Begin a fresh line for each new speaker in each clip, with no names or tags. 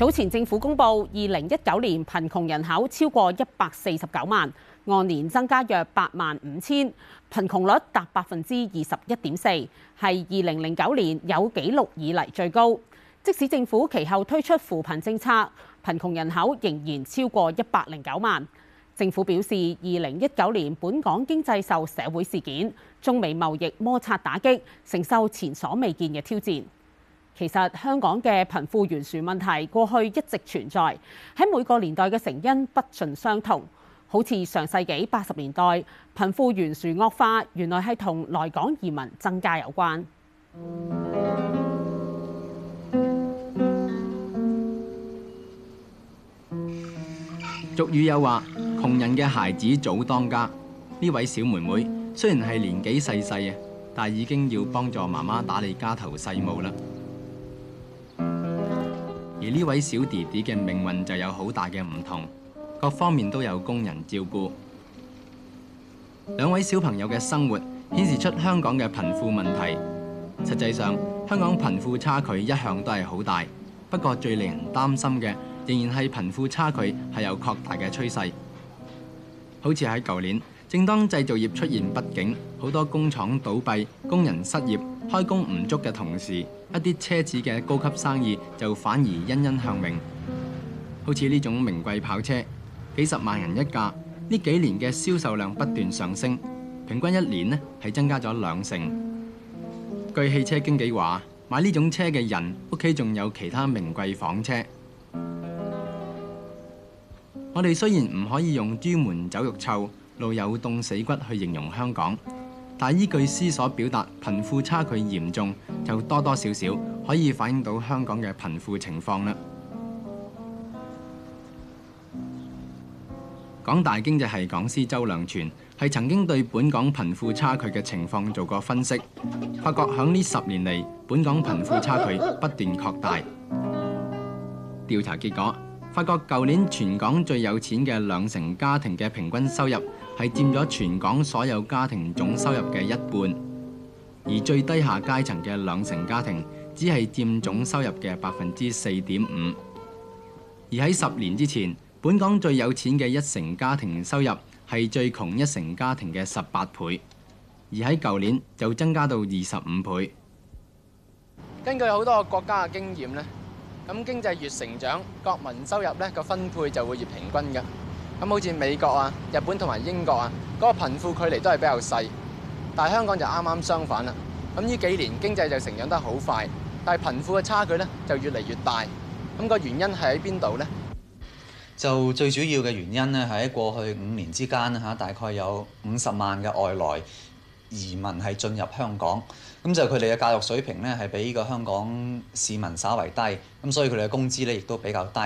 早前政府公布 ,2019 年，貧窮人口超過149萬，按年增加約8萬5千，貧窮率達21.4%，係2009年有紀錄以來最高。即使政府其後推出扶貧政策，貧窮人口仍然超過109萬。政府表示 ,2019 年，本港經濟受社會事件、中美貿易摩擦打擊，承受前所未見嘅挑戰。其實香港嘅貧富懸殊問題過去一直存在，喺每個年代嘅成因不盡相同。好似上世紀八十年代貧富懸殊惡化，原來係同來港移民增加有關。
俗語有話：窮人嘅孩子早當家。呢位小妹妹雖然係年紀細細啊，但已經要幫助媽媽打理家頭細務啦。而呢位小弟弟嘅命運就有好大嘅唔同，各方面都有工人照顧。兩位小朋友嘅生活顯示出香港嘅貧富問題。實際上，香港貧富差距一向都係好大，不過最令人擔心嘅仍然係貧富差距係有擴大嘅趨勢，好似喺舊年。正當製造業出現不景，好多工廠倒閉、工人失業、開工唔足嘅同時，一啲奢侈嘅高級生意就反而欣欣向榮。好似呢種名貴跑車，幾十萬人一架，呢幾年嘅銷售量不斷上升，平均一年咧係增加咗兩成。據汽車經紀話，買呢種車嘅人屋企仲有其他名貴房車。我哋雖然唔可以用朱門酒肉臭，路有凍死骨去形容香港，但依句詩所表達貧富差距嚴重，就多多少少可以反映到香港嘅貧富情況啦。港大經濟系講師周良全係曾經對本港貧富差距嘅情況做過分析，發覺響呢十年嚟，本港貧富差距不斷擴大。調查結果。發覺舊年全港最有錢嘅兩成家庭嘅平均收入係佔咗全港所有家庭總收入嘅一半，而最低下階層嘅兩成家庭只係佔總收入嘅百分之四點五。而喺十年之前，本港最有錢嘅一成家庭收入係最窮一成家庭嘅十八倍，而喺舊年就增加到二十五倍。根據好多國家嘅經驗咧。咁經濟越成長，國民收入咧個分配就會越平均嘅。咁好似美國啊、日本同埋英國啊，嗰個貧富距離都係比較細。但係香港就啱啱相反啦。咁呢幾年經濟就成長得好快，但係貧富嘅差距咧就越嚟越大。咁個原因係喺邊度
呢？就最主要嘅原因咧，係喺過去五年之間嚇，大概有五十萬嘅外來。移民係進入香港，咁就佢哋嘅教育水平呢係比呢個香港市民稍為低，咁所以佢哋嘅工資呢亦都比較低。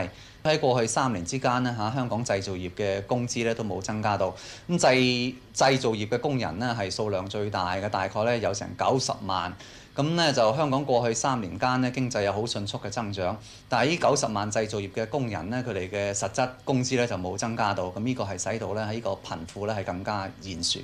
喺過去三年之間呢，嚇，香港製造業嘅工資呢都冇增加到。咁製製造業嘅工人呢係數量最大嘅，大概呢有成九十萬。咁呢就香港過去三年間呢經濟有好迅速嘅增長，但係呢九十萬製造業嘅工人呢，佢哋嘅實質工資呢就冇增加到。咁呢個係使到呢，喺呢個貧富呢係更加懸殊。